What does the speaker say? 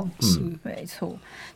哦、沒嗯，冇錯。